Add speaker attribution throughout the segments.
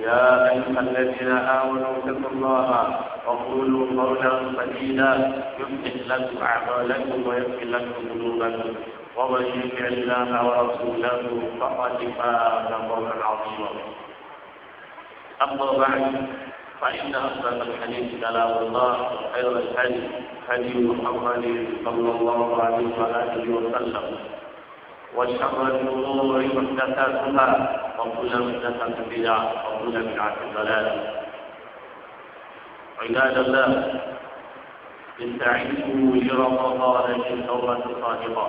Speaker 1: يا أيها الذين آمنوا اتقوا الله وقولوا قولا سديدا يصلح لكم أعمالكم ويغفر لكم ذنوبكم ومن الله ورسوله فقد فاز فوزا عظيما أما بعد فإن أصدق الحديث كلام الله وخير الحديث هدي محمد صلى الله عليه وآله وسلم وشر الأمور محدثاتها وكل محدثة بدعة وكل بدعة ضلالة عباد الله استعينوا لرمضان من توبة صادقة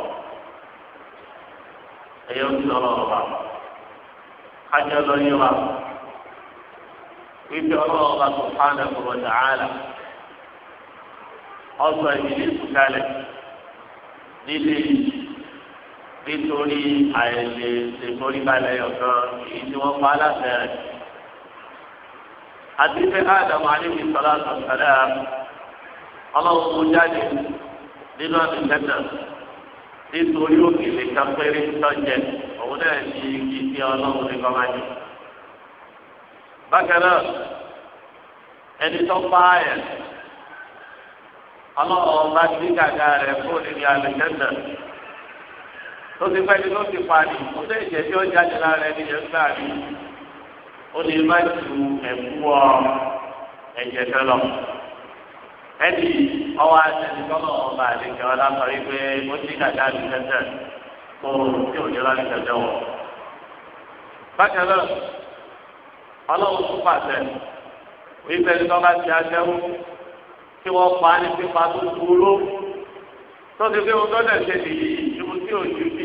Speaker 1: أيام الله حتى ضريرة إن الله سبحانه وتعالى أصلا إبليس كالك nílé nítorí àìlè ṣèforíbalẹ̀ ọ̀kan èyí tí wọ́n pa aláṣẹ rẹ̀. àti pé Adam aleyhi sọlá sọ̀tẹ̀lẹ̀ ọlọ́run mú jáde nínú àbíkẹ́tà nítorí òkèlè kan péré tọ́jẹ̀ òun náà di igi tí ọlọ́run ní kọ́ máa jẹ. bákan náà ẹni tó pa ààyè ọlọ́run bá sí gàgà rẹ̀ fún ìrìn àbíkẹ́tà tó ti pẹ́ẹ́ni ló ti parí ó lè jẹ́ bí ó jáde lára ẹni yẹn gbà rí ó lè má ju ẹ̀kú ọ ẹ̀jẹ̀ fẹ́ lọ. ẹni ọwọ́ àtẹ̀sí tọ́lọ̀ ọba àdìgẹ́ ọlámọ̀rí pé ó ti kàdá mi tẹ́tẹ́ kó tí ò ní lọ́ọ́ tẹ́tẹ́ wọ̀. bákan náà ọlọ́run tún pàṣẹ wípé ẹni tọ́ba ti aṣẹ́wó tí wọ́n pa ní pípa tó kúrò tó ti gbé wọn tọ́lẹ̀ ṣe nìyí ju tí ò ju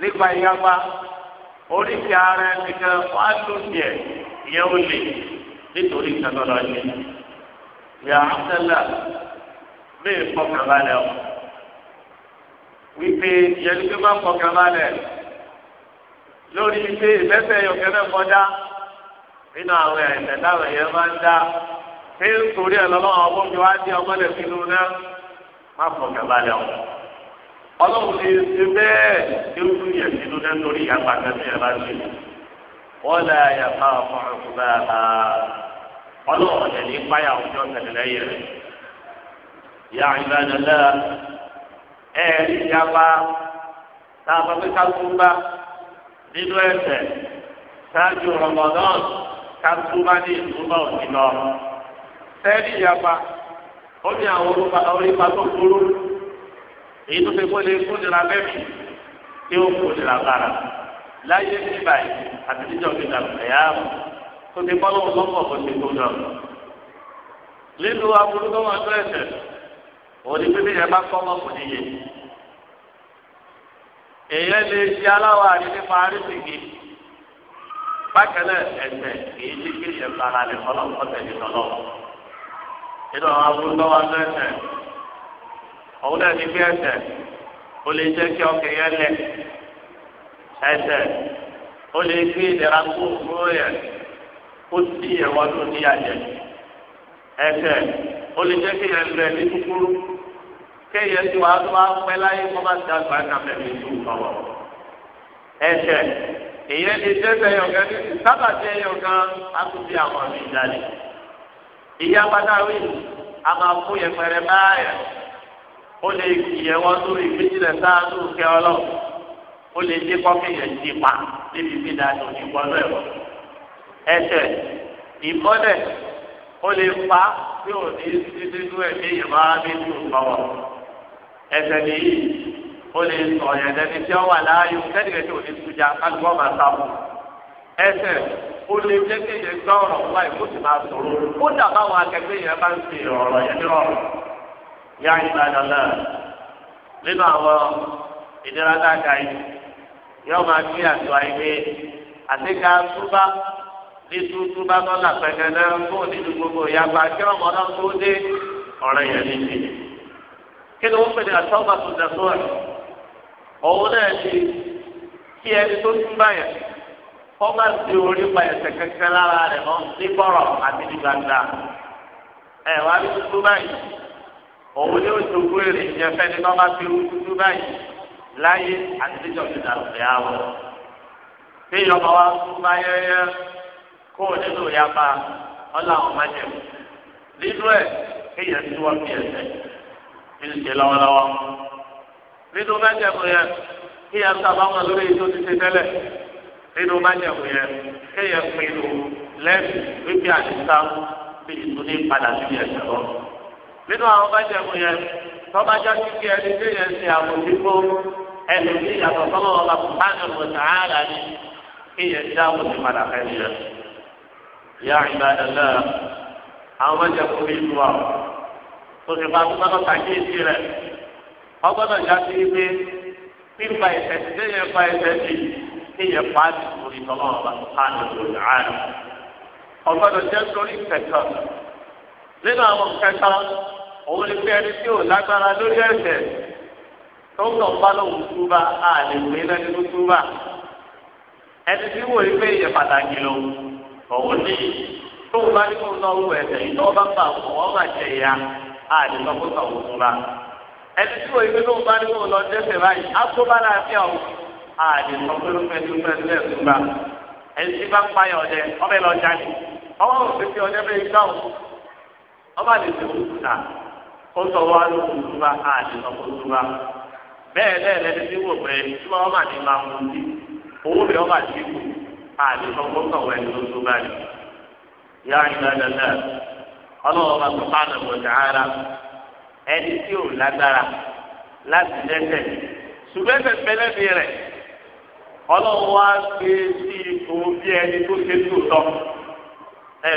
Speaker 1: nípa ìyapa oríṣi ara ẹni kan wá tó tiẹ̀ ìyẹn ó lè nítorí ìtàkọ́lọ́ ṣe. ìyá àtẹ́lá bẹ́ẹ̀ fọkàn balẹ̀ o wípé ìyẹnì pé má fọkàn balẹ̀ lórí pé ìfẹ́fẹ́ yọ̀kẹ́ náà kọjá nínú àwọn ẹ̀ṣẹ̀ táwọn èèyàn máa ń dá ṣé nítorí ẹ̀ lọ́wọ́ ọgbọ́n mi wá dé ọgbọ́n lè náà má fọkàn balẹ̀ o ọlọ́run lè ṣe bẹ́ẹ̀ ewu yẹn ti ló dẹ́ lórí ìyàgbá tẹ́lẹ̀ yẹn bá ṣe wọ́n lè yàgbá ọkùnrin ọkùnrin bá a ọlọ́run yẹn ní páyà ọjọ́ tẹ̀lé lẹ́yìn rẹ̀ yà ìbàdàlá ẹ̀ẹ́dì ìyàgbá tá a bá pé kátúmbá nínú ẹ̀sẹ̀ ṣáájú rọmọdán kátúmbá ní ìtúmbá òsì lọ ìyàgbá ó ní àwọn orí pa tó èyí tó fi kóde kódìrà bẹ́ẹ̀mì tí ó kódìrà bára láyé ní báyìí àti níjọ́ gbèdà ẹ̀yà tó ti kọ́ lóun lọ́pọ̀ kó ti kódà. nínú aburú tó wọn tó ẹsẹ̀ òní pípé yẹn bá kọ́ ọmọ kò níye. èèyàn lè ṣe aláwọ̀ àti nípa arísìkì bákan náà ẹsẹ̀ kìí ní kí yẹn bára lè kọ́ lọ́pọ̀ tẹ̀lé tọ́lọ́. nínú aburú tó wọn tó ẹsẹ̀ òun náà ní bí ẹsẹ̀ ó lè jẹ́ kí ọkàn yẹn lẹ̀ ẹsẹ̀ ó lè gbé ìlera kó fún yẹn kó sí ẹ̀wọ́n tó ní àjẹ ẹsẹ̀ ó lè jẹ́ kí yẹn lẹ̀ ní kúkúrú kéèyàn ti wàá tó wá pẹ́ láyé kó má ti àgbà kàmẹ́ mi tó kọ̀wọ́ ẹsẹ̀ èyẹ ti dẹ́sẹ̀ yọ̀gá sábà tẹ yọ̀gá akutí àwọn mi jáde ìyá pátá wí a máa fún yẹpẹrẹ báyà ó lè yẹ wọn sórí ìgbésílẹ̀ sáájú kẹ ọlọ́run ó lè dé kọ́fí yẹn ti pa níbi tí dáadọ́ ti gbọ́dọ̀ ẹ̀rọ ẹsẹ̀ ìmọ́lẹ̀ ó lè pa tí ò ní nínú ẹ̀mí ìmọ̀ra bí tó gbọ́wọ́ ẹsẹ̀ nìyí ó lè sọ ọ̀yàn ẹni tí ó wà láàyò kẹ́nìkẹ́ tí ò ní sójà kálukọ́ máa sá fún lè jẹ́ kéèyàn gbọ́ ọ̀rọ̀ wáyé kó sì máa sọ̀rọ̀ ó dàbáwọn akẹgbẹ́ yẹn bá ń fi ọ̀rọ̀ yẹn ní ọ̀rọ̀ yá ìbàdàlà nínú àwọn ìdíra dáadáa yìí yóò máa gbé àtiwá yìí pé àtẹ́ká túbá ní túbá lọ́la pẹ̀lẹ́ náà kó nínú gbogbo ìyàgbá kí ọmọ náà tó dé ọ̀rẹ́ yẹn ní ti. kí ni wọ́n pè ní àtọ́gbà tó dẹ̀ tó rẹ̀ òun náà ti kí ẹni tó túbá yẹn kọ́má ti orí pa ẹsẹ̀ lára rẹ̀ mọ́ ní bọ̀rọ̀ àti ní gbangba. ẹ̀ wá ní tuntun báyìí òun yóò jogún èrè ìyẹn fẹ́ni tó bá fi rúdúdú báyìí láyé àtijọ́ ti dàrú ní àwọ̀. bí ìyọ̀mọ̀ wa kú bá yẹ́yẹ́ kó o nínú ya bá ọ̀là àwọn máa jẹun. nínú ẹ̀ kéèyàn tí wọ́n fi ẹ̀sẹ̀ fi ń ṣe lọ́wọ́lọ́wọ́. nínú májẹ̀mú yẹn kéèyàn sábà wọn lórí ètò ti ṣe tẹ́lẹ̀. nínú májẹ̀mú yẹn kéèyàn pinnu lẹ́bi wípé àdìsá fi ìtúndí padà síbi ẹ̀sẹ̀ lọ́wọ́ nínú àwọn bàjẹ́ mu yẹn tọ́ba já kíkí ẹni tí yẹn ti àmójútó ẹni tí yàtọ̀ sọ́mọ́ ọba kùtàkì mùtàhálà ni kí yẹn ti dáhùn sí padà fẹ́ ni yẹn. ìyá ìgbà dàda àwọn bàjẹ́ mu bí ìlú wa tó ti bá gbọ́dọ̀ sàkíyèsí rẹ̀ ọgbọ́dọ̀ já sí pé pípa ìfẹ̀sì tí yẹn pa ìfẹ̀sì kí yẹn pa ti sórí sọ́mọ́ ọba kùtàkì mùtàhálà ọgbọ́dọ̀ jẹ́ sórí kẹ̀kẹ́ nínú àwọn òun lè fẹ́ ẹni tí ò lágbára lórí ẹ̀ṣẹ̀ tó ń tàn lóhùn túbà á lè pè é lẹ́nu túbà ẹni tí wò ó pé ìyẹn pàtàkì lò òun ní tóun bá ní kó lọ wù ẹ̀ṣẹ̀ yìí bá bà wọ́n bà jẹ ìyá á lè lọ kó túbà ẹni tí wò pé tóun bá ní kó lọ báyìí á tó bá láàfin àwọn á lè lọ tó ó sọ wá ló kú túbá àti ọkọ túbá bẹ́ẹ̀ bẹ́ẹ̀ lẹni tí wò pé túbá ọmọ àti máa mú sí owó ọmọ àti àti ọkọ ẹni tó ni. yá ìgbà dandan ọlọ́wọ́ bá tó ara ẹni tí ò lágbára láti ṣùgbọ́n ẹsẹ̀ rẹ̀ ọlọ́wọ́ wá gbé sí bí ẹni tó ṣe tó tọ́ ẹ̀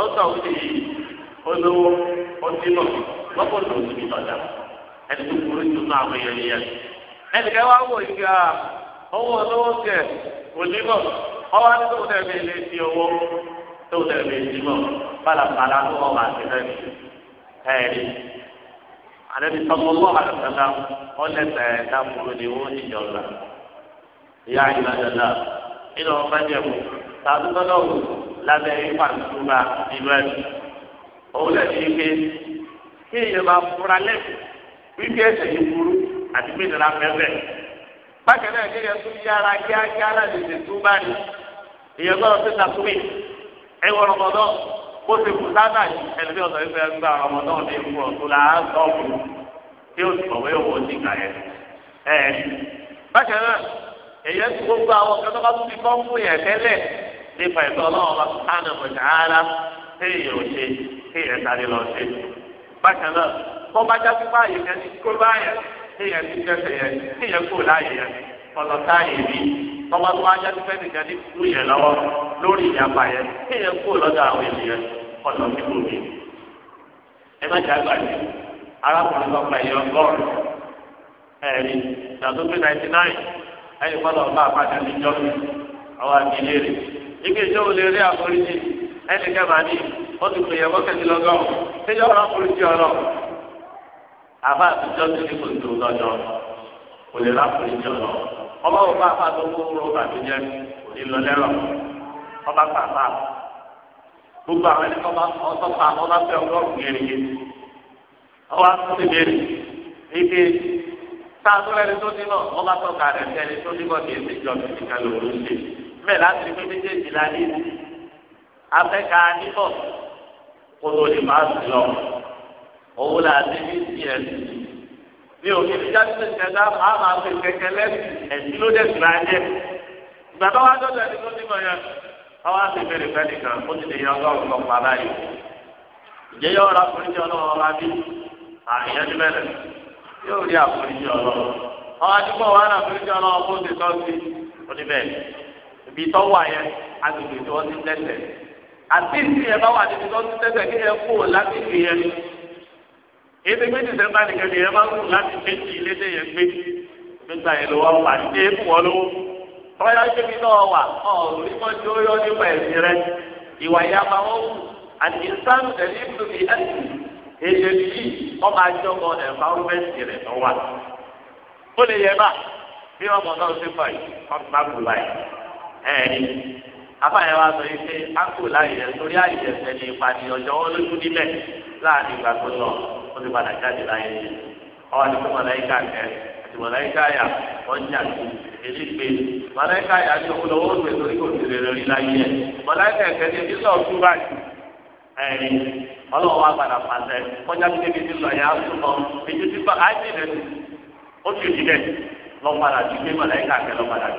Speaker 1: ọ̀sà òsì yìí olówó ọtímọ̀ lọ́kọ̀tún òsì mi tọ̀jà ẹni tó burú jù náà àwọn èèyàn yẹn. ẹnì wá wò ìgbà owó olówó kẹ onímọ̀ ọwọ́ tó tẹ̀ mí lé sí owó tó tẹ̀ mí sí mọ̀ pàlàpàlà tó wọ́n máa ti lẹ́nu ni wọ́n ti ìyá lábẹ́ ìfàǹtúmá nínú ẹ̀. òun lè ní pé kí èèyàn máa fura lẹ́kùn wípé ẹsẹ̀ yìí burú àti pé ìnira fẹ́fẹ́. bákan náà kí èèyàn tún yára kíákíá láti ṣètú báyìí. èèyàn gbọ́dọ̀ tó ta túwì ẹ wọ rọmọdọ́ kó ti kú sábà yìí ẹlẹ́bí ọ̀sán yìí fẹ́ẹ́ gba rọmọdọ́ ní ìfúrọ̀ tó la sọ́ọ̀bù tí ó ti kọ̀wé owó ti kà yẹn. bákan náà èèyàn ti gbogbo àwọn kẹ́tọ́ bá tún ti kọ́ fún yẹn tẹ́lẹ̀ nípa ìtọ́ ọlọ́run sùpánù ara téèyàn ò ṣe téèyàn sáré lọ ṣe. bákan náà wọ́n bá já pípa àyè yẹn ní kó báyà téèyàn ti tẹ̀sẹ̀ yẹn téèyàn ọzọ láàyè yẹn ọ̀nà táyè bí tọ́wọ́ tó ajá ti fẹ́ nìkan ní kú lọ́wọ́ lórí lọ́dọ̀ àwọn ènìyàn ọ̀nà tí kò bí. ẹ má jà gbàdé arákùnrin kan pa ẹ̀rí ẹ̀yìn àpàdé níjọ́ àwọn àgbélé ibi ìjọba lè rí àforíjì ẹnì kẹfà ní ó ti pè yẹ kó kẹsì lọgọ níjọ ọ̀rọ̀ àforíjì ọ̀rọ̀ àbá àtijọ́ ti ní kò tó lọ́jọ́ kò lè rí àforíjì ọ̀rọ̀ ọba wò bá àfa tó kúrò bàbí jẹ kò ní lọ lẹ́rọ̀ ọba pàpà gbogbo àwọn ẹni kọba ọtọpa ọba fẹ ọgọ́rùn gẹ́gẹ́ ọba tó ti bẹ̀rẹ̀ ike sáà tó lẹni tó ti lọ ọba tó kà rẹ fẹ ẹni tó ti bọ kì í ti jọ kì í ti kà lóorùn sí i bẹ́ẹ̀ láti rí pé méjèèjì la ní ìlú afẹ́ka níbọ̀ kó tó lè máa sùn lọ òun là ní bí ti ẹ̀sìn ní òkè tí jáde kẹta máa máa fi kẹkẹ lẹ́sìn ẹ̀sìn ló dẹ̀ sùn láyé ìgbà tó wá dọ́jà ní tó ní mọ̀ yẹn àwọn àti ìbéèrè fẹ́ẹ́ kan ó ti lè yan ọgọ́rùn-ún pa báyìí ìjẹ́ yọ ọ̀rọ̀ àforíjì ọlọ́run ọba bí àyẹ̀ ní bẹ̀rẹ̀ yóò rí àforíjì ọlọ́run àwọn àdúgbò wa náà àforíjì ọlọ́run kó ti tọ́ sí ó ní bẹ́ẹ̀ bí tọ́ wà yẹn agbègbè tí wọ́n ti tẹ̀sẹ̀ àti ìsìn yẹn bá wà níbi tí wọ́n ti tẹ̀sẹ̀ kí yẹn kú láti fi yẹn ebi méjì sẹ́ńtà nìkan ni yẹn bá kú láti méjì ilédè yẹn gbé nígbà yẹn ló wà wà ní ebi wọ́n lówó tọ́yá ṣébi náà wà ọ̀ orí mọ́jú ó yọ nípa ẹ̀sìn rẹ ìwà ìyá máa wọ́n wù àti sáàmù tẹ̀lé ìbùdókì ẹ̀sìn èdè yìí wọ́n máa jọ mọ ẹ̀fáwọ́mẹ́sì rẹ̀ lọ́wọ́ ó lè yẹ bá bí wọ́n mọ̀ náà ṣe fà yìí wọ́n ti má kú láyìí. ẹ̀rí afáyẹn wa sọ yìí pé akó láyé rẹ torí àyè rẹ sẹni ìpàdé ọjọ́ wọn lójú nílẹ̀ láàrin ìgbà tó lọ ó ti padà jáde láyé rẹ ọwọ́ ni pé mọ̀láyíká kẹ àti mọ̀láyíká yà wọ́n jà lọ́wọ́ torí kò tẹ̀lé lórí láyé tún báyìí ọlọ́wọ́ wa padà pàṣẹ kọjá tó yà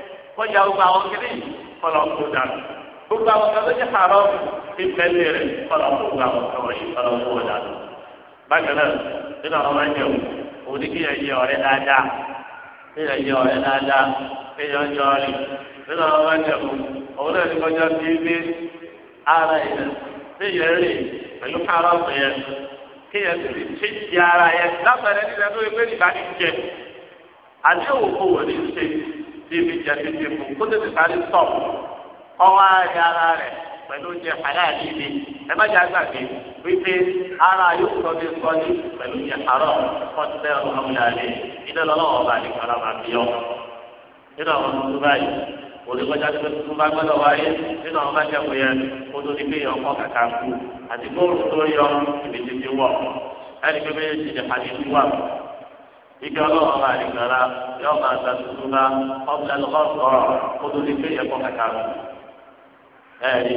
Speaker 1: kọjá gbogbo àwọn kiri kọlọ̀ kó dànù gbogbo àwọn kan tó jẹ́ àárọ̀ ìfẹ́lẹ̀ rẹ̀ kọlọ̀ gbogbo àwọn kan wọ̀nyí kọlọ̀ kó dànù. bákan náà nínú àwọn máa ń jẹun òun ní kíyàn yẹ ọ̀rẹ́ dáadáa kíyàn yẹ ọ̀rẹ́ dáadáa kíyàn yọ ọ̀rẹ́ nínú àwọn máa ń jẹun òun náà ní kọjá sí ilé ara yẹn kíyàn rè pẹ̀lú àárọ̀ yẹn kíyàn sì ti ti ara yẹn látàrí ẹni bíbí jẹ bíbí mu kó tètè sáré tọ̀ ọwọ́ ayé ara rẹ̀ pẹ̀lú oúnjẹ aláàbí mi ẹ má jẹ́ àgbàgbé wípé ara yóò sọ bí sọ́ọ́lì pẹ̀lú oúnjẹ àárọ̀ kọ́tẹ́ ọ̀húnlẹ̀ ilé lọ́wọ́ ọba nìkan lọ́ba bí ọ. nínú àwọn ọmọ báyìí olùkọ́jà tó tó bá gbọ́dọ̀ wáyé nínú àwọn bá jẹ́kọ̀ọ́ yẹn kó tó ní pé ọkọ̀ kàkà kú àti bóòlù tó yọ ìbí títí wọ̀ ẹni pé méjèèjì ìgbà ọlọ́run máa rí gbàrà yóò máa gba tuntun bá ọ̀bùnà lọ́kọ́ sọ̀rọ̀ kó tó di pé ẹ̀kọ́ kàkà rẹ̀. ẹ̀rí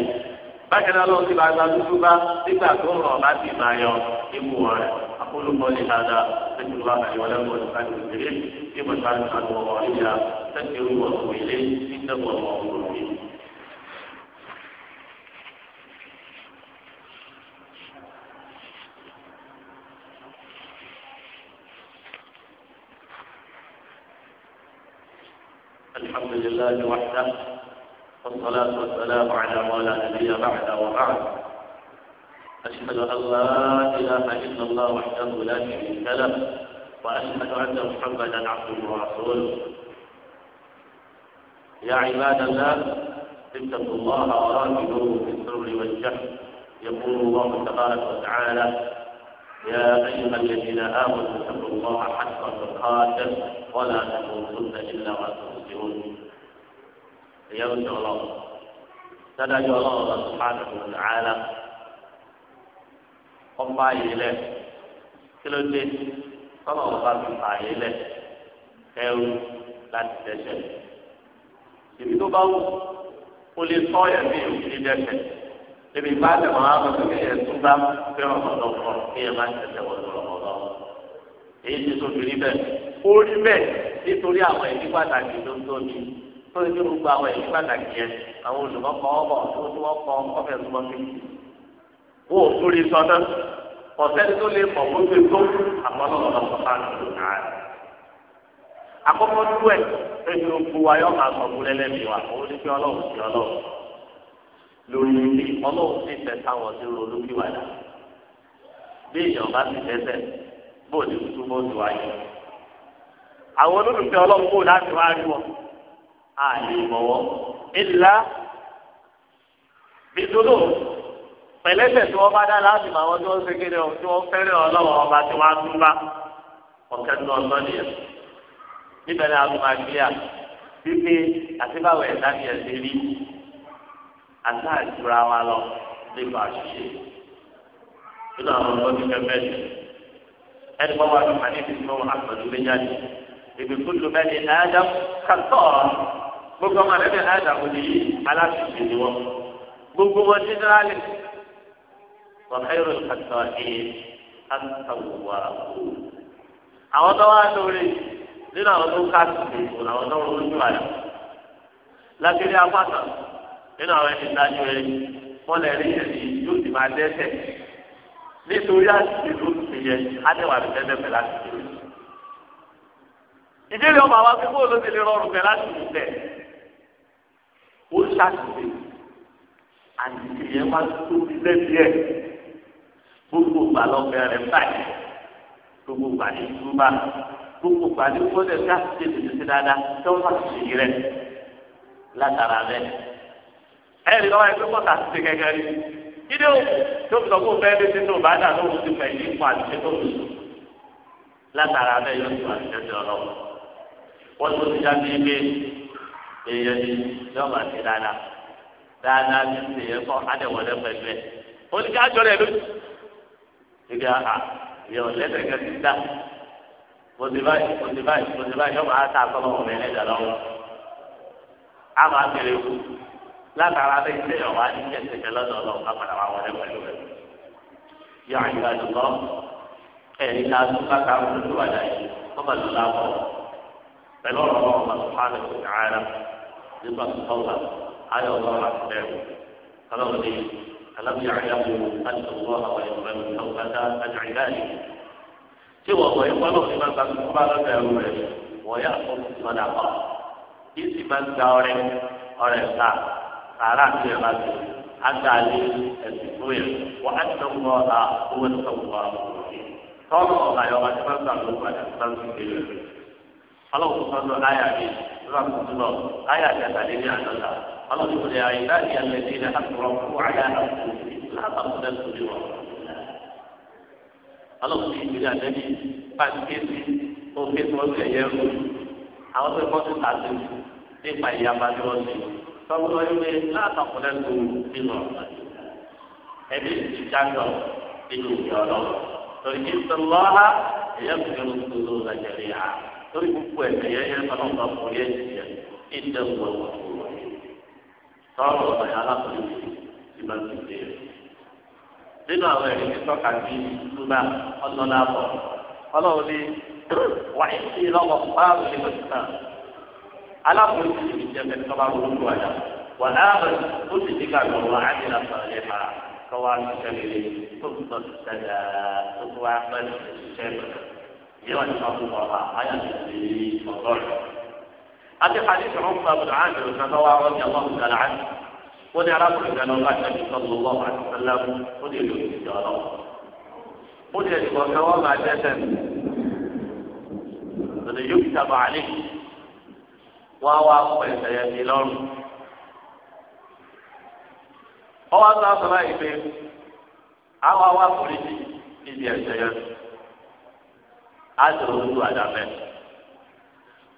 Speaker 1: bákan náà lọ́wọ́ ti máa gba tuntun bá nígbà tó rọ̀ ọ̀bá sì máa yọ ikú rẹ̀ akólúkọ ní dada lẹ́yìn tó bá bàjẹ́ wọlé wọn ní káàdì òkèlè bí wọ́n ti máa ń sàdúrà ọ̀rọ̀ ìyá sẹ́kẹ̀rù ọ̀rọ̀ ìlé ní لله وحده والصلاة والسلام على مولى لا نبي بعد وبعد أشهد أن لا إله إلا الله وحده لا شريك له وأشهد أن محمدا عبده ورسوله يا عباد الله اتقوا الله وراجعوا في السر والجهل يقول الله تبارك وتعالى يا أيها الذين آمنوا اتقوا الله حق تقاته ولا تموتن إلا وأنتم ìyá ló ń sọ lọ sádájọ Ọlọ́run lọ sùpáàdù ààlà ọba àyèlẹ kí ló dé kọlọ ọba fi àyèlẹ ẹrú láti dẹsẹ ibi tó bá wù ó lè tọ́ yẹn bí ìdí dẹsẹ ebi bá tẹmọ àwọn tó kẹ yẹn tún bá fẹ́ràn ọdọ fọ kí yẹn má tẹsẹ wọn lọ ọdọ èyí ti tó fi rí bẹ́ẹ̀ ó rí bẹ́ẹ̀ nítorí àwọn ẹbí pàtàkì tó ń tóbi tó ní gbogbo àwọn ẹ̀yìn pàtàkì yẹn àwọn olùkọ́kọ́ ọ̀bọ̀ tó tó ọkọ̀ ọ̀fẹ́ tó mọ́tò wò ó tó lè sọ náà ọ̀sẹ́ni tó lè pọ̀ gbogbo tó àwọn ọlọ́run ọ̀sán bá ń lò náà àkọ́kọ́ dúró ẹ̀ ẹni gbogbo wa yọ máa sọ̀rọ̀ lẹ́lẹ́mì wa òun ní kí ọlọ́run sí ọlọ́run lórí ilé ọlọ́run sì fẹ́ táwọn ti ronú bí wàdà bí èèyàn bá sì tẹ́tẹ̀ bó ní túbọ̀ tó wáyé àwọn olólùfẹ́ ọlọ́run kò láti wá rí wọn àlè bọ̀wọ́ ìlà bìtúlò pẹ̀lẹ́sẹ̀ tí wọ́n bá dá láti mọ àwọn tí wọ́n ń segere ọ̀hún tí wọ́n fẹ́rẹ̀ ọlọ́wọ́ ọba tí wọ́n á tún bá ọ̀kẹ́ tó ọ̀tọ́ nìyẹn níbẹ̀ ni àwọn máa gbé à pípé àti báwo ẹ̀dá ni ẹ̀sẹ̀ rí àti àjùra wa lọ nípa àṣìṣe nínú àwọn ọmọ ní pẹpẹ jù ẹni bọ́ wà màdébí tí wọ́n wà pẹ̀lú méjì àti ìbí kúlù gbogbo ọmọ rẹ bẹ́ẹ̀ láìdààmú ni aláṣẹṣe ni wọn gbogbo wọn ti dára lẹ ọ̀nà ẹ̀rọ ìkàtà ẹ̀ àtàwùwà àwọn tó wá lórí nínú àwọn tó ká sí ìbò làwọn tó wọ́n lójú àyà lágbèrè apáta nínú àwọn ẹni dájú ẹ wọn lè rí ẹni yóò sì máa dẹ́sẹ̀ nítorí àti ìlú ti adéwà rẹ̀ tẹ́lẹ̀ pẹ̀lú ìdílé ọmọ àwọn akẹ́kọ̀ọ́ ló rọrùn pẹ̀lú àti ìlú tẹ̀ ó ṣàṣìṣe àṣìṣe yẹn wá tóbi lẹ́bi ẹ̀ gbogbo ìgbà lọ́fẹ̀ẹ́ rẹ̀ báyìí gbogbo ìgbà ní ìdúrà gbogbo ìgbà ní gbọ́dọ̀ ká ṣe tètè ṣe dáadáa tó wà ṣèyí rẹ̀ látara rẹ̀ ẹ̀ rí lọ́wọ́ ẹgbẹ́ pọ̀tà ṣe gẹ́gẹ́ rí jíde o tó sọ fún bẹ́ẹ̀ bí sínú bàdà ló ti fẹ̀ yí fún àṣìṣe tó lù látara rẹ̀ yóò èèyàn ni yóò máa ṣe dáadáa dáadáa ní ìṣèyẹn kọ́ adẹ̀wọlé pẹ̀lú ẹ̀ ó ní ká jọ rẹ̀ lójú ìgbà à yóò lẹ́sẹ̀kẹ́ ti dá mo ti báyìí mo ti báyìí mo ti báyìí yóò máa ta àkọ́kọ́ ọmọ ẹ̀ lẹ́dàá lọ́wọ́ á máa bèrè kú látara bẹ́ẹ̀ ṣe yọ̀ wá ní kẹsẹ̀kẹ́ lọ́dọ̀ ọlọ́run ká padà wá wọlé pẹ̀lú rẹ̀ yọ àyíká lọ́ ẹ̀rí ká tó ká ká lójú wà láyé kọ́ nígbà tó tọ́wà ayọ̀ ọlọ́run àti bẹ́ẹ̀ ọlọ́run ní alábìyà àyàwó alìsọ̀wọ́ àwọn ìwọ̀n ìwọ̀nbàdà àjàìláyè tí wọ́n wọ̀ ẹ̀kọ́ náà ní bàbá tó bá lọ́dọ̀ ẹ̀rù rẹ̀ wọ́n yà fún ìsọdà pa ìsì máa ń gba ọrẹ ọrẹ ta sàrà àti ẹ̀rọ àti àgbàlẹ̀ ẹ̀sìn fún yẹn wọ́n á ti sọ̀rọ̀ ọ̀la owó ìsọ̀rọ̀ ọ̀la tọ́lọ̀ ọ̀la yọ̀ ọlọ́run tó lọ láyà mi lọ́wọ́ tó lọ láyà mi àtàlẹ́ ní àtọ́ta ọlọ́run tó lè ayé láti ẹlẹ́ ní ilẹ̀ àtúrọ̀ fún àyà àtúrọ̀ látàkùn lẹ́nu tó lè wọ̀. ọlọ́run tó ìgbìlẹ̀ àtẹ́bí pàṣẹ kéésì ó ké tí wọ́n lè yẹ ẹrú àwọn tó kọ́ sí tàbí nípa ìyàbá tí wọ́n ti tọ́wọ́ ilé látàkùn lẹ́nu tó lè wọ̀. ẹbí ìjágbọ̀ nínú ìyọ̀ ọlọ́run torí kí lórí gbogbo ẹ̀sìn yẹn yẹn ọlọ́pàá fún yẹn jìyà ìdẹ wọ ẹwà fún wọn tọrọ ọ̀nà yẹn alákòóso ti máa ti dé rẹ nínú àwọn ẹ̀rí tí tọ́ka sí túbà ọ̀nà àbọ̀ ọlọ́run ní wàá sí lọ́wọ́ báàrún ní mọ̀tìmá alákòóso ti jẹ́ mẹ́tí tọ́ba ronú tó àjà wà láàbẹ̀ ó ti yawan abu bakar ayat di motor. Ada hadis Umar bin Amir bin Nawawi radhiyallahu ta'ala anhu. Wọ́n ní arákùnrin kan lọ́wọ́ àti sallallahu alaihi wasallam ó ní ìlú ìjọ ọlọ́wọ́. Ó ní ẹ̀sìn kan wọ́n máa dẹ́sẹ̀ mi. Lọ́nà yóò fi tàbá àlè. Wọ́n á wá pọ̀ ẹ̀sẹ̀ yẹn mi lọ́rùn. Ọwọ́ sọ àṣọ láì pé àwọn awá kùnrin níbi ẹ̀sẹ̀ yẹn á lò ó lu àdàbẹ̀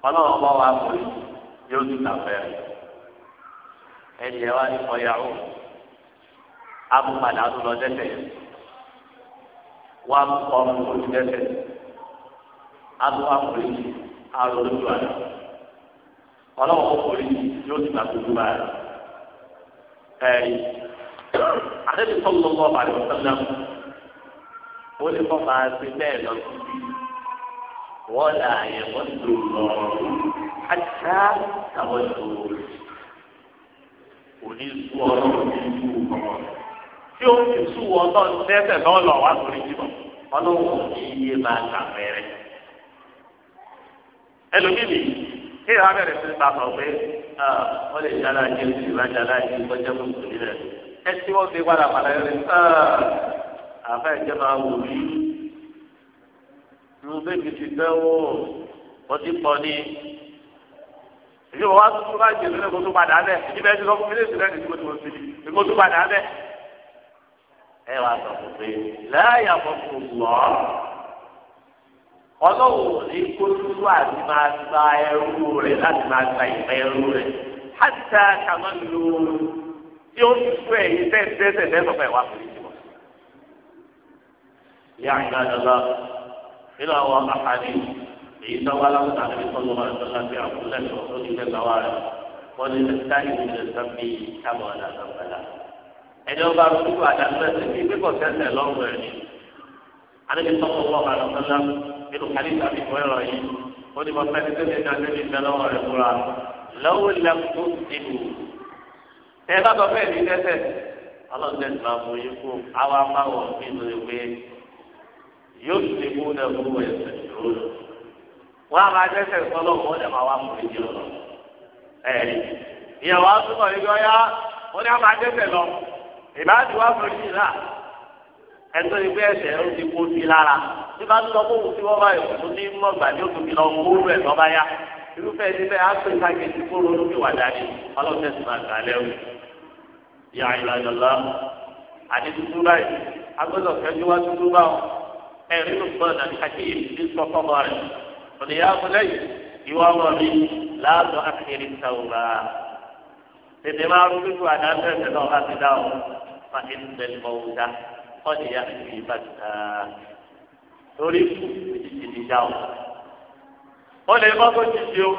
Speaker 1: ọlọ́run bọ́ wa pè yóò tún dàbẹ̀ ẹ̀jẹ̀ wa ní ọ̀yàwó amúpadà tó lọ dẹ́sẹ̀ wa kọ́ ọ́n kò ní dẹ́sẹ̀ adúláwòrì alòlójú àná ọlọ́wọ́ òkòrí yóò ti gbàgbójú bá rẹ̀ ẹ̀rí àdébí sọ́kùnrin ọba àdébí sọ́kùnrin ó ní kọ́ máa ṣe bẹ́ẹ̀ lọ sí ولا يمد الله حتى تودوا onísú ọlọ́run tí ó fi sú ọlọ́run lẹ́sẹ̀ náà lọ wá lórí jùlọ ọlọ́run ní iye máa kà mẹ́rẹ̀. ẹlòmíì kí sí pé ah, lè jáde ajé láàyè fún ẹ tí fi padà padà débi ti dẹ́wọ́ wọ́n ti pọ̀ ní. èyí wọ́n wá tuntun bá jẹ́ ìdílé kótó padà bẹ́ẹ̀ èyí bẹ́ẹ̀ ti sọ fún mílíọ̀nù rẹ̀ nígbà tó ti di kótó padà bẹ́ẹ̀. ẹ wá sọ fún pé láyà fọkùn lọ ọlọ́wọ́ ní kótó àti máa gba ẹrú rẹ̀ láti máa gba ìpẹ́ ẹrú rẹ̀ hàtà kàmọ́lù tí ó ti fún ẹ̀yìn tẹ́tẹ́tẹ́ nínú àwọn àhàdì èyí tó wá láwùjọ àti ìfọwọ́ wọn tó lọ sí àkúlẹ̀ tó tó ti fẹ́ gbàwá rẹ̀ wọ́n ní táyì ní lè sọ bí kábọ̀ àdàgbàdà. ẹni ọba arúgbó àdàgbà sí bí pípọ̀ tẹ̀sẹ̀ lọ́rùn rẹ̀ ni. àdébí sọ́kọ̀ wọ́n wà lọ́sọ́lá nínú kálí tàbí ìwé ọ̀rọ̀ yìí ó ní wọ́n fẹ́ẹ́ tẹ́lẹ̀ ní ìfẹ́ lọ́wọ́ rẹ̀ fúra lọ́wọ́ lẹ́kú yóò ṣe mú náà mú ẹsẹ̀ ìṣòro lọ. wọ́n á máa dẹ́sẹ̀ sọ́lọ́ wọ́n lè máa wá mú ìdí lọ. ẹ̀ẹ́dì ìyàwó àtúntò yìí lọ́yà wọ́n ní a máa dẹ́sẹ̀ lọ. ìbáàdì wà fún ìṣìlá ẹ̀tọ́ ìgbé ẹsẹ̀ ló ti kó sí lára. bí bá tọ́ fóun tí wọ́n bá yọ̀ fún ní mọ́gbà ní òtún kìlọ̀ owó ẹ̀ lọ́ba yá. irúfẹ́ ẹni bẹ́ẹ̀ á pè káàkiri lọ ẹ̀rí lùkùnrin àti hakeem ní sọ́kọ́mọ́ rẹ̀ ònìyá fúnlẹ́yìn ìwà wọn mi láàtọ̀ akéèrè sáwùrà
Speaker 2: tètè máa rú bíbu àdáńtẹ̀ tẹ̀lé ọ̀há ti dá o
Speaker 1: fa ẹnìtẹ̀ mọ̀wúdá ọ̀nì yá fi ìbàdà lórí ikú ìdíje ti dá o. ó lè mọ́ kó ti di o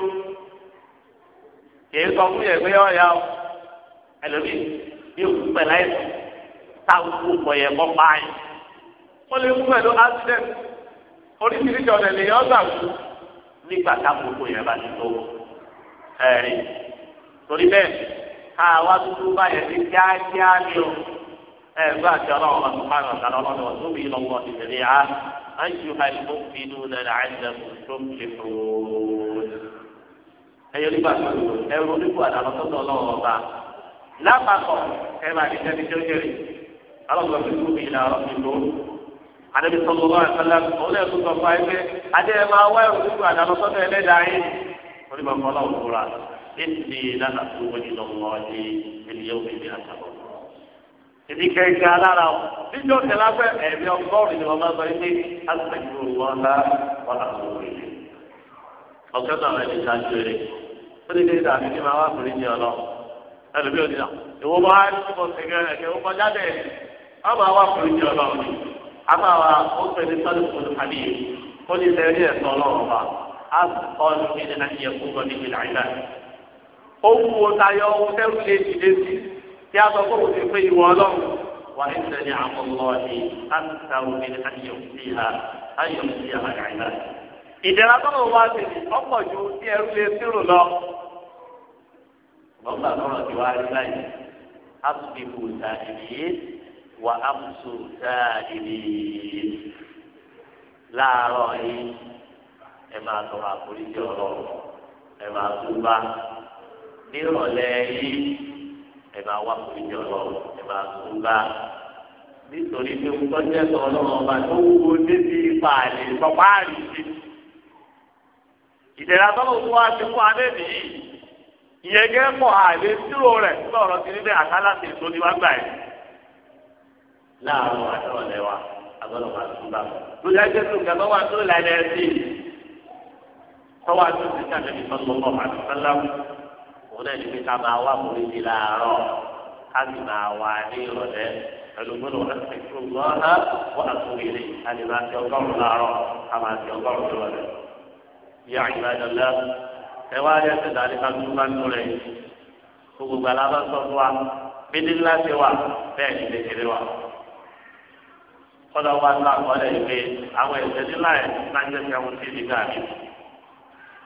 Speaker 1: kì í sọ fún yẹn pé o ẹlòmíì bí òkú pẹ̀lú àìsàn táwọn òkú wọ́n lè mú pẹ̀lú accident oríṣiríṣi ọ̀nà lèyàn gbà kú nígbà táàkókò yẹn bá ti tó ẹ̀rí torí bẹ́ẹ̀ àwa tuntun báyẹn ti kíákíá ni o ẹ̀gbọ́n àti ọlọ́run ọ̀sán pàrọ̀ ọ̀sán ọlọ́run ọ̀sán mi lọ́wọ́ ìṣẹ̀lẹ̀ á ayé àìmọ́ bínú nàrà àìsàn tó ń lè fò ẹ̀yọ́ nígbà tó ẹ̀rọ onígbò àdàlọ́ tó tọ̀ lọ́wọ́ ọba lápapọ̀ ẹ̀ máa tó jẹ́rìí alọ́gbọ̀n tó kú anabi sọlọlọ àtàlà òun náà tún sọfọ ayé pé adé ẹ máa wá ẹrù dúdú àdàlọ sọ́dọ̀ ẹlẹ́dàá yín wọn ni bàbá Ọlọ́run kóra ètùtù lánàá tó wọlé lọ́wọ́ ọdí ènìyàn òbí mi àtàwọn. èmi kẹ̀kẹ́ alára o níjọ tẹ́lá pẹ ẹmí ọgọ́rùn ni wọn bá sọ pé asèkúrò wọn wọn àtàwọn òbí agbára ó pèlè sọ́dún fún àbí ó lè fẹ́ rí ẹ̀sọ́ ọlọ́run bá a kí níbi ó wú wo tayọ ohun tẹ́ wù lé dìde sí a sọ pé pé ìwọ ọlọ́run wà ní a ha ayé òsì ha làyìnbá. ìdẹ̀ra tọ́lọ̀ wá sí ni ọ̀pọ̀ ju tí ẹrú lè sírò lọ. lọ́gbà náà ti wá rí báyìí wà á mùsù káàdìrì láàárọ̀ yìí ẹ máa tọrọ àforíjì ọlọ́run ẹ máa túbá nírọ̀lẹ́ yìí ẹ máa wá àforíjì ọlọ́run ẹ máa túbá nítorí pé tọ́jú ẹ̀sọ́ ọlọ́run ọba tó wúwo débi ipa àlè sọpáàlì sí ìdẹ̀ra tọ́lọ̀ tó wá ti fún abẹ́bí yìí ìyẹn gẹ́gẹ́ pọ̀ àlè sírò rẹ̀ lọ́rọ̀ ti níbẹ̀ àkálà ti wá gbà yìí láàárọ̀ àtọ̀lẹ̀ wa agbọ́dọ̀ máa tún bá wọn. lójú ajé tó kẹ́kọ̀ọ́ wà tó lànà ẹ̀sìn tọ́wọ́ àti òṣìṣẹ́ àtẹ̀bí sọ́kọ̀ọ́ àti sálámù òun náà ní pé ká máa wá mú ibi láàárọ̀ ká sì máa wá ní ìrọ̀lẹ́ pẹ̀lú gbọ́dọ̀ àtẹ̀kùn lọ́hà wọ́n àtúwìlì àti máa ti ọgọ́rùn láàárọ̀ ká máa ti ọgọ́rùn ìrọ̀lẹ́. ìyá ìgbàdànlá ẹ wá rí ẹsẹ̀ dàdí ká tún bá ń gbogbo gbàlá bá sọ fún wa bí nílá ti wà bẹ́ẹ̀ ní kékeré wa kọ́dọ̀ wá lọ àkọọ́lẹ̀ ìwé àwọn ẹ̀sẹ̀ nílá ẹ̀ lájẹ́ fi àwọn tí nígbà mi.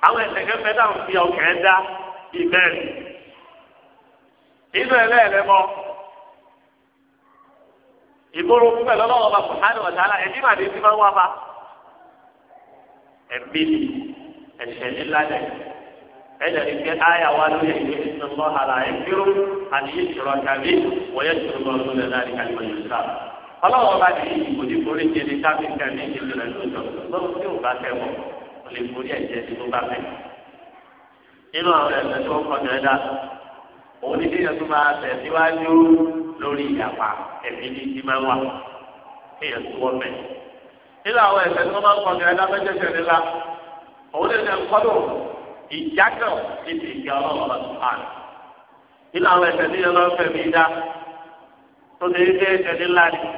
Speaker 1: àwọn ẹ̀sẹ̀ kẹfẹ́ dáhùn fi ọkẹ́ dá ìbẹ́ẹ̀rì. inú ẹlẹ́ẹ̀lẹ́ mọ́ ìgboro púpẹ̀ lọ́lọ́wọ́ bá sùhánù ọ̀tàlá ẹ̀mí mà ní ti máa ń wá bá. ẹ̀mí ẹ̀sẹ̀ nílá ẹ̀ ẹ̀jẹ̀ ní pé áyà wá lórí ìwé ìsinmi lọ́ ọlọ́wọ́ bá ní ìbò ní forí jẹ ní káfíńkà ní ìdílé rẹ lóòótọ́ lọ́wọ́ tí ò bá fẹ́ wọ̀ ó lè forí ẹ̀jẹ̀ tí ó bá fẹ́. nínú àwọn ẹ̀sẹ̀ tó ń kọjá dá òun ní kéèyàn tó máa tẹ̀ síwájú lórí ìyàpá ẹ̀mí ní ti máa wà kéèyàn tó wọ́n nínú àwọn ẹ̀sẹ̀ tó máa ń kọjá dá mẹ́tẹ̀ẹ̀sẹ̀ nílá òun lè tẹ̀ kọ́dọ̀ ìjákọ̀ níbi ìjà ọlọ́wọ́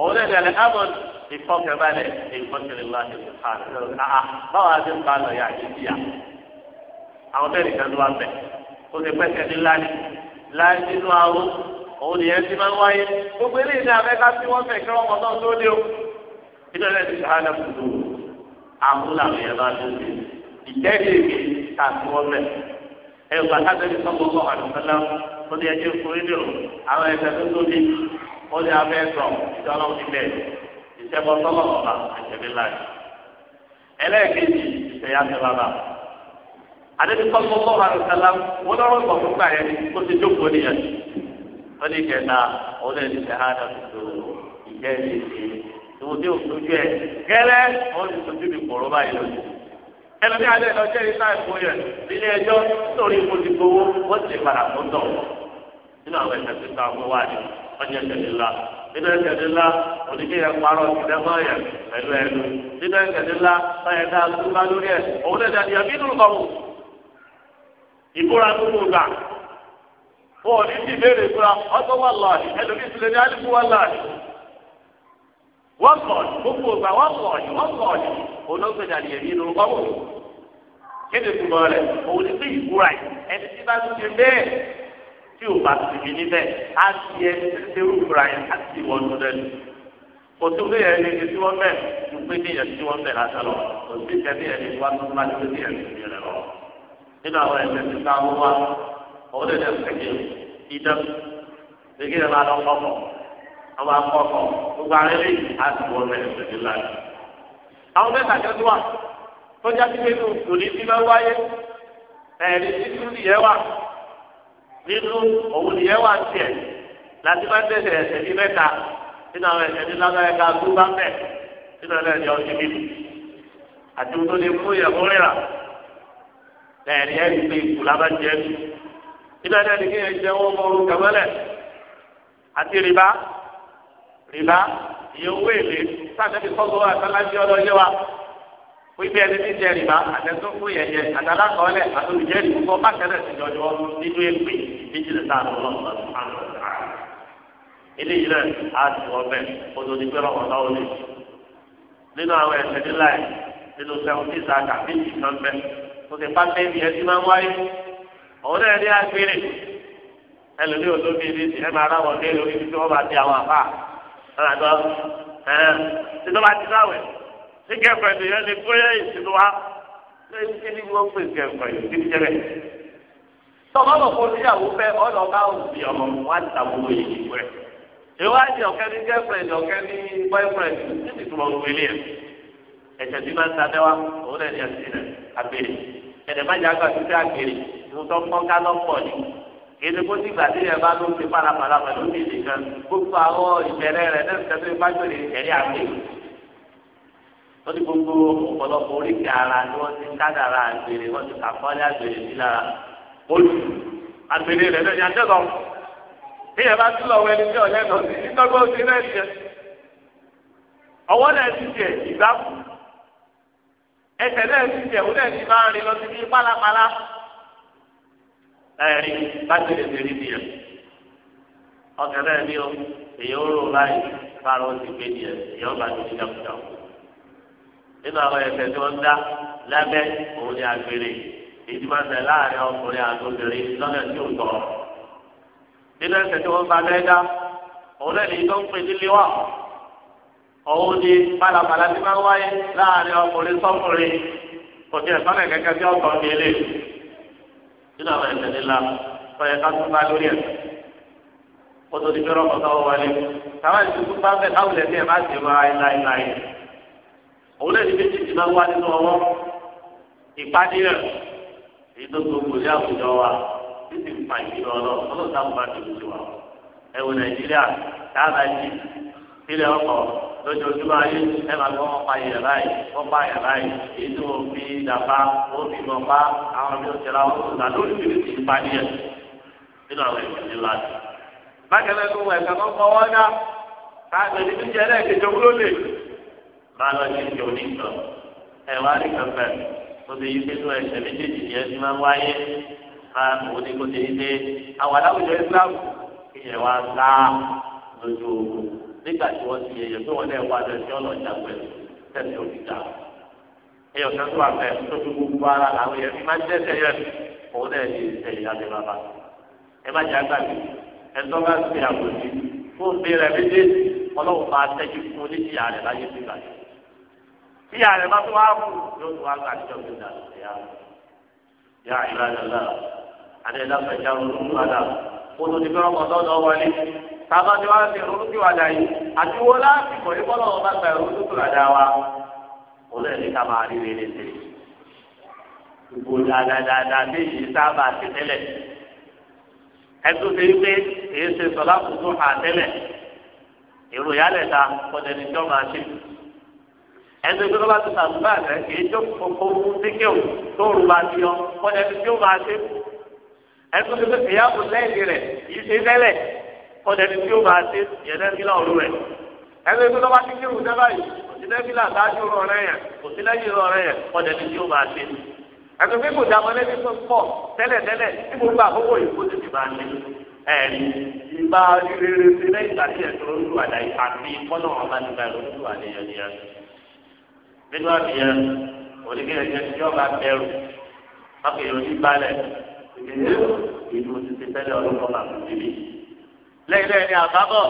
Speaker 1: òun náà lẹ́lẹ̀ amọ̀n ìfọ̀kẹ̀balẹ̀ ìfọ̀kẹ̀lélá ìfọ̀kẹ̀lá báwo la ti ń ba lọ yà àti bíyà àwọn bẹ́ẹ̀ nìkan ló wà bẹ̀ ó ti pẹ́sẹ̀ ní láti láti nínú àwọn òun nìyẹn ti máa ń wáyé gbogbo eléyìí ní abẹ́ká tí wọ́n fẹ́ kí wọ́n mọ̀ náà tó dé o ìjọba ti sàánà kùtù àmúlà yẹn bá dé ìjẹ́rìí ó lé abẹ́ sọ ìjọba níbẹ̀ ìṣẹ́gun sọ́lọ̀ ọ̀la a láì. ẹlẹ́ẹ̀kejì ìṣẹ̀yà ti bàbà. àdébí sọ́kọ́ kọ́ àrùsálà wọ́n lọ́rọ̀ fúnpa yẹn kó ti jókòó nìyẹn. ó kẹta ó lé ní ndị tó ìjẹ́ ìṣe tòun tí ò sojú ẹ̀ gẹ́lẹ́ ó ti báyìí yìí sáà fún yẹn nílé nítorí mo ti gbowó ti padà nínú àwọn tó ọjọ́ ìtẹ̀lélá nínú ìtẹ̀lélá oníkéyà parọ́ ìdẹ́gbọ́n yẹn pẹ̀lú ẹnu nínú ìtẹ̀lélá báyẹn náà tó bá lórí ẹ̀ òun lè dàdí àbí nínú kọ̀ọ̀mù ìbúra gbogbo gbà wọn ò ní ti béèrè ìbúra ọgbọ́n wà láàyè ẹlòmíì ti lè ní àdìgbò wà láàyè wọ́n kọ̀ gbogbo gbà wọ́n kọ̀ wọ́n kọ̀ bá ti mi níbẹ̀ á ti ẹ ṣẹ́wù fúra yẹn á ti wọ́n tó dẹ́nu. kò tó bí ẹni ní tí wọ́n bẹ̀ tó pé ní ẹni tí wọ́n bẹ̀ lásán lọ kò sí ẹni ẹni wá tó bá tó ní ẹni tí rẹ̀ lọ. nínú àwọn ẹ̀sẹ̀ ti ká wọ́n wá ọ̀hún lè dẹ́sẹ̀ kí idán gbégi rẹ̀ máa lọ kọ́kọ́ àwọn akọ́kọ́ gbogbo àwọn ẹlẹ́yìn á ti wọ́n bẹ̀ ẹ̀sẹ̀ láti. àwọn mẹ́ta kẹ́ tó wà tó já sí pé kò ní bí máa wáyé ẹ̀rí títún yẹ wà nínú òun nìyẹn wà tiẹ̀ láti bá tẹ̀sẹ̀ ẹ̀sẹ̀ ní mẹ́ta nínú àwọn ẹ̀sẹ̀ ní lágbára ẹ̀ka tó bá mẹ́ nínú ẹ̀rẹ́ ẹ̀dẹ̀ ọtí bíbí àti wọn tó lè fún ìyẹ̀wò rírà lẹ́yìn ẹ̀rí pé ikú lábá jẹ́ ẹ̀mí nínú ẹ̀dẹ̀ ní kéèyàn jẹ́ wọ́n mọ́ orúkọ mọ́lẹ̀ àti rìbá rìbá ìyẹn owó èlé sáà wípé ẹni tí jẹ rìbá àtẹ̀tún fún yẹyẹ àtàlákọọ́lẹ̀ àtòlùjẹ́rì fún ọba kẹlẹ̀ sí jọjọ nínú èpè méjìlél eléyìí náà á ti wọ bẹ́ẹ̀ odò ní pẹ́rọ ọ̀tá olè nínú àwọn ẹ̀sẹ̀ nílá ẹ̀ nínú sẹ́wọ́ntì sàkà méjì kan bẹ́ẹ̀ o ti pàṣẹ ibi ẹ̀ ti máa ń wáyé òun náà ní agbèrè ẹlòmíì ò lóbi ní ti ẹ máa rà wọ́n lé lórí ibi tí wọ́n bá ti àwọn àbá ẹ̀ ẹ̀ tí wọ́n bá ti sáwẹ̀ ṣé kẹfẹ nìyẹn lè gbóyè ìsinmi wa ṣé kí ni wọ́n pè kẹfẹ ìsinmi jẹ́ bẹ́ẹ̀. tọ́kọ́ bọ̀ kó níyàwó fẹ́ ọ̀dọ̀ bá òbí ọmọ wa ta gbogbo yìí wẹ̀. ìwádìí ọ̀kẹ́ ní girlfriend ọ̀kẹ́ ní boyfriend títí tó mọ̀ gbé lé ẹ̀. ẹ̀sẹ̀ tí máa ń ta dẹ́wà òun náà ní ẹ̀sìn rẹ̀ àbèrè. ẹ̀dẹ̀ má jẹ́ àgbà títí àgbèrè ìwòtọ́ pọ́nká lọ́pọ̀ ni ìdìbò tí gbàdé yẹn bá ló ń fi parapara pẹ̀lú ìdìkan gbogbo àwọn ìbẹ̀rẹ̀ rẹ̀ náà ń tẹ́tí wọ́n ti gbogbo ọ̀pọ̀lọpọ̀ oríkì ara ni wọ́n ti kádàrà àgbèrè wọ́n ti kàkọ́lé àgbèrè sí lára olù àgbèrè rẹ̀ lẹ́yìn àjọyọ̀ ìyẹn bá tún lọ́wọ́ ẹni tí ọ̀lẹ́ lọ sí nítorí ó ti rẹ̀ jẹ ọwọ́ náà ti jẹ ìgbà kù ẹsẹ̀ náà ti jẹ òun náà ti máa rìn lọ sí ní pálapàla ẹ̀rí bá ti lè tẹ̀lé nìyẹn ọ̀kẹ́ náà ní o èyí ó rò láì bá lọ sí gbé nìyẹn èyí ó bá ti nínú àwọn ẹ̀ṣẹ̀ tí wọ́n dá lábẹ́ òun ni àgbèrè ìdìbò ẹ̀ṣẹ̀ láàrin ọkùnrin àti obìnrin lọ́nà tí ò tọ̀. nínú ẹ̀ṣẹ̀ tí wọ́n bá bẹ́ẹ̀ dá òun náà ní tó ń pè nílé wà òun ni balabala ti máa ń wáyé láàrin ọkùnrin sọ́kùnrin kò tiẹ̀ sọ́nà kẹ́kẹ́ tí ọkọ̀ mi lè nínú àwọn ẹ̀ṣẹ̀ nílá sọ̀yẹ́ ká tún bá lórí ẹ̀ kótó ti fẹ́ràn kọ́tọ́ wọlé táwọn ìṣubú bá òun lẹ́yìn méjèèjì máa wá nínú ọwọ́ ìpàdé rẹ̀ èyí tó gbogbo ní àwùjọ wa títí ń fa ìdílé ọlọ́run ọlọ́run táwọn bá ti wùjọ wa ẹ̀wù nàìjíríà táàbà jì sílẹ̀ ọkọ̀ lójoojúmọ́ ayé ẹ máa gbọ́ wọn pa yẹ̀rẹ̀ báyìí wọ́n pa yẹ̀rẹ̀ báyìí èyí tó wọ́n fi dàbá wọ́n fi mọ̀ pa àwọn bí ó ti ra lórí ìbílẹ̀ ti ìpàdé ẹ̀ nínú àwọn ìpàdé láti. bákẹ́lẹ́ tó wọ bá lọ sí ìjọ oníkan ẹ wá rí kankan tó ti yí pé tó ẹsẹ̀ méjèèjì yẹn ti máa ń wáyé máa ń wò ní kó ti yí pé àwọn aláwùjọ islam kì í yẹ wá sá lójú ogun nígbà tí wọ́n ti yẹ yẹ pé wọ́n lè wá lọ sí ọ̀nà ìjà pẹ̀lú tẹ̀sí òkìta ẹyọ kan tó àfẹ tó fi gbogbo ara làwọn yẹn fi máa ń tẹ̀sẹ̀ yẹn òun náà ti sẹ̀yìn adé bàbá ẹ má jẹ́ àgbàgbé ẹ tọ́ bá ti àgbòjì fún mi rẹ̀ méjèèjì ọlọ́run máa tẹ́jú fún oníṣìyà rẹ̀ láyé sígbà yìí tí ìyá rẹ̀ bá tó wá mú yóò tó wá gba àtijọ́ tó dà lóde yá. Yá ìlà ìlàlá àdéhùn àfẹjà olóńgbò àdá kó tó ti fẹ́ ọkọ̀ tọ́jọ́ wọlé. Sábà tí wọ́n ti ronú sí wàdà yìí àti wo láti kọ̀ yìí bọ́lọ̀ ọba gba ìrònú tó rà dá wa. Olú ẹ̀ ní ká máa rí rere sí. Gbogbo dáadáa ní ìyí sábà ti tẹ́lẹ̀. Ẹ̀sùn ti rí pé èyí ṣe sọ̀lá kùtù àtẹ́lẹ̀. Èrò ìyálẹ̀ ta ẹsẹ tó bá ti sàdúrà rẹ kì í tó kókó fún síkẹ́wò tó rù bá ti yọ kọ́ni ẹni tí ó máa ṣe ẹsẹ tó ti fìyà kù lẹ́yìn rẹ kì í ṣe tẹ́lẹ̀ kọ́ni ẹni tí ó máa ṣe yẹ̀dẹ́ bí náà rú rẹ ẹsẹ tó bá ti kírun dábàá yìí òsínlẹ̀ bí náà dájú rọ rẹ yẹn òsínlẹ̀ yìí rọ rẹ yẹn kọ́ni ẹni tí ó máa ṣe ẹsẹ tó pọ̀ tẹ́lẹ̀tẹ́lẹ̀ tí gbogbo àkókò tó ń lu àdáyé nínú àbíyẹn oníkẹ́yẹ jẹ́ tí ọba bẹ̀rù ọkẹ́ yóò ní balẹ̀ ìlú títí tẹ́lẹ̀ ọlọ́kọ̀ máa fi bíbí. lẹ́yìn lẹ́yìn ní àbábọ̀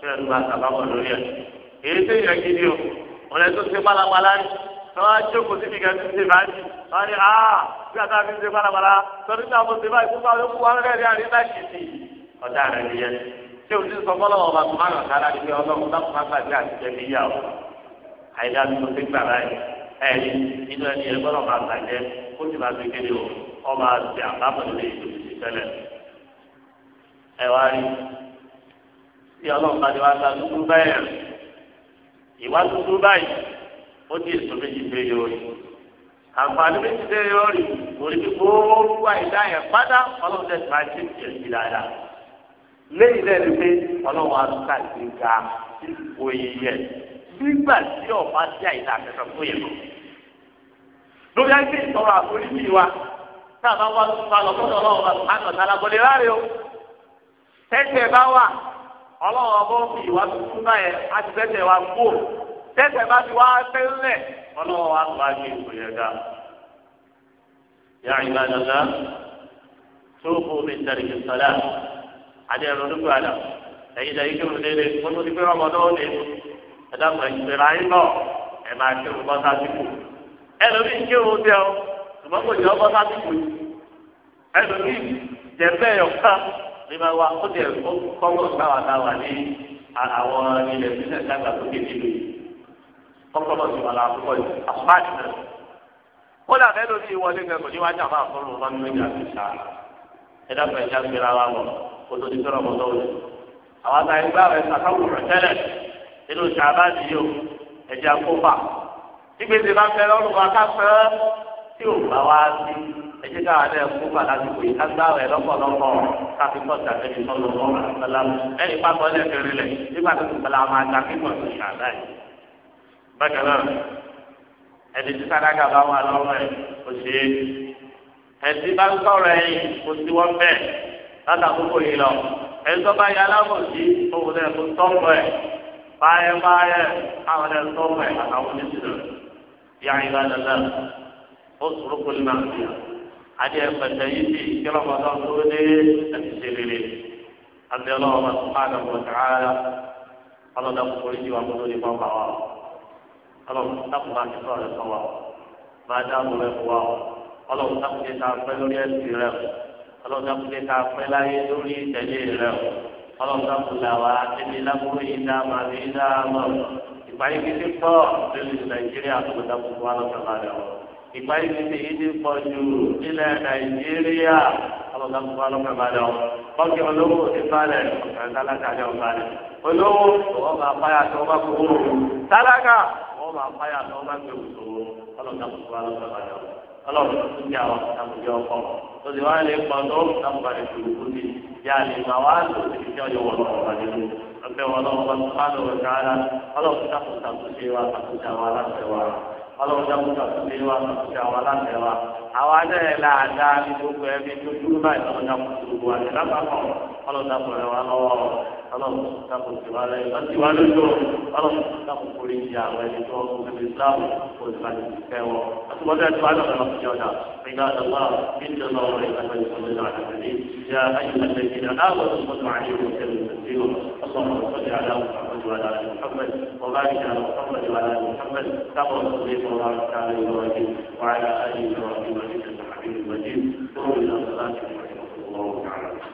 Speaker 1: kí ẹ̀rù máa sàbábọ̀ lórí ẹ̀. èyí tó yẹ gidi o ọ̀rẹ́ tó ṣe pálapàla ni wọ́n á jókòó síbi kan tó ṣe báyìí wọ́n á ní àá bí a táà fi ṣe pálapàla sọdún tí a mọ̀ ṣe báyìí fún báyìí fún wọn rẹ̀ ní àríwá kìtì. ọ̀dà rẹ̀ nìyẹn ṣé o ti sọ fọlọ́wọ́ ọba àyíká tó ti gbà báyìí ẹni inú ẹni ẹ gbọ́dọ̀ máa gbàjẹ́ kó ti máa fi kéde o ọ máa ti àbámọ̀ lórí ìtòsí ti tẹ́lẹ̀. ẹ wá rí tí ọlọ́run bá ti wá sa dúdú báyìí ìwà dúdú báyìí ó ti èso méjì pé yóò rí àǹfààní méjì pé yóò rí orí bí gbogbo àyíká yẹn pátá ọlọ́run tẹ̀sí máa ti tiẹ̀ sí dáadáa lẹ́yìn náà ni pé ọlọ́run á tún káàkiri ga sí ìwòye yẹn. nígbà tí ọ̀pá tó yẹ kọ́. lórí ayé wa tá a bá wá tó bá lọ fọ́dọ̀ ọlọ́run bá tó àná sára láre o. tẹ́tẹ̀ bá wà ọlọ́run ọbọ̀ fi ìwà tuntun báyẹn á ti tẹ́tẹ̀ bá ti wá tẹ́lẹ̀ wa tó bá gbé yẹn ga. ìgbà dàda tó kó mi tẹ̀lé àdéhùn ẹ̀dá mọ̀ yín lọ ẹ̀ máa kí òun ẹlòmíì kí òun tẹ ọ ṣùgbọ́n kò ní ọbọ̀ sásìkò yìí ẹlòmíì jẹ̀bẹ́ ọ̀ká ní máa wá ó tẹ̀ kọ́kọ́ táwa ní àwọn ilẹ̀ sílẹ̀ dàgbà lókè nílò yìí kọ́kọ́ lọ sí wọn àkọ́kọ́ yìí àpáàdì náà ó dà bẹ́ẹ̀ lórí ìwọlé gẹ̀gọ̀ ní wájà máa fọ́n lọ́wọ́ ní ọjà àti sáà ẹ̀dá ìjà gbéra wa lọ kó tó ti fẹ́ràn mọ́tò rẹ̀ àwọn àtàyè gbá sàkáwù rẹ̀ tẹ́lẹ̀ inú ṣàbá nìyí o ẹ̀jẹ̀ àkófà ìgbésè bá fẹ́ lọ́rùn wa ká fẹ́ tí ò bá wá sí ẹ̀jẹ̀ káwa náà kófà láti pè ká gbá rẹ̀ lọ́pọ̀lọpọ̀ káfí kọ́ta ẹ̀mí sọ́lọ́mọ́ ẹ̀rí pápọ̀ ẹlẹ́fẹ̀rẹ̀ rẹ̀ nígbà tó kùpẹ̀lá máa ta kíkọ̀ tó ṣàbá yìí bákan náà ẹni tí sadaka bá wà lọ́wọ́ ẹ̀ kò sí ẹtí bá ń sọ̀rọ̀ ẹ̀yìn kò sí wọ́n bẹ́ẹ̀ látàkókò yìí lọ ẹ̀ńtọ́ bá yà lábòsí òun náà kò tọ́pọ̀ báyẹ̀ báyẹ̀ àwọn ẹ̀ sọ́ọ̀fẹ̀ àtàwọn oníṣẹ́ yà ìlà lẹ́lẹ́ ó sọ̀rọ̀ kó lè máa fi àdé ẹ̀fẹ̀tẹ̀ yìí sì kí lọ́mọdé ọ̀dọ́ dé ẹ̀ṣẹ̀ rere àti ọlọ́wọ́ bá tó bá dàgbọ̀ tààrà ọlọ́dà kò kórìí wa kó lórí pọ́ńpà wa ọlọ́wọ́ dàpọ̀ máa fi sọ̀rọ̀ sọ wa máa dáàbò rẹ̀ fún wa ọlọ́wọ́ dàpọ̀ lè ta lórí ẹ̀sìn rẹ̀ ọlọ́wọ́ dàpọ̀ lè ta láyé lórí ìtẹ̀lé rẹ̀ ọlọ́dún kúlà wá ẹni lábúrò yìí dá máa rí dá mọ́ ìparí bí ti pọ̀ lórí nàìjíríà tó dá gbogbo alọ́dún máa rẹ̀ wọ́n ìparí bí ti yìí ti pọ̀ ju nílẹ̀ nàìjíríà ọlọ́dún gbogbo alọ́dún máa rẹ̀ wọ́n bọ́ọ̀kì olówó ti balẹ̀ ọ̀kàn tálákà olówó wọ́n ọlọ́run tó ti àwọn àwùjọ ọkọ tó ti wá lè pọn tó àpàdé kùrùkù sí yá lè máa wá lò sí ìdí ọjọ́ wọn lọ́wọ́ pàdé lò ọ̀pẹ wọn lọ́wọ́ bá tó lọ sí ara ọlọ́run tó dàpọ̀ ṣàtúnṣe wa àtúnṣe àwọn aláṣẹ wa ọlọ́run dàpọ̀ ṣàtúnṣe wa àtúnṣe àwọn aláṣẹ wa àwọn adẹ́rẹ́ làdá ní gbogbo ẹbí tó dúró báyìí lọ́wọ́ ọlọ́run dákun ti wá lẹ́yìn láti wá lójú ọlọ́run dákun forí di àwọn ẹni tó ọkùnrin níbi ìsìláàmù olùbàdàn ti fẹ́ wọn. àtúbọ̀dá ti wá lọ́kàn lọ́kàn ti ọ̀dà nígbà àdàlá níjọ náà rẹ̀ àgbà ìṣòro náà àtàkùnrin ya ayélujára ìdílé àwọn ọmọdé wà ní ìwòsàn ìṣèlú ọlọ́run ọ̀sọ́dẹ̀ aláwọ̀ وعلى ال محمد وبارك على محمد وعلى ال محمد كما صليت وبارك على ابراهيم وعلى ال ابراهيم انك حميد مجيد قوموا الى صلاتكم رحمه الله تعالى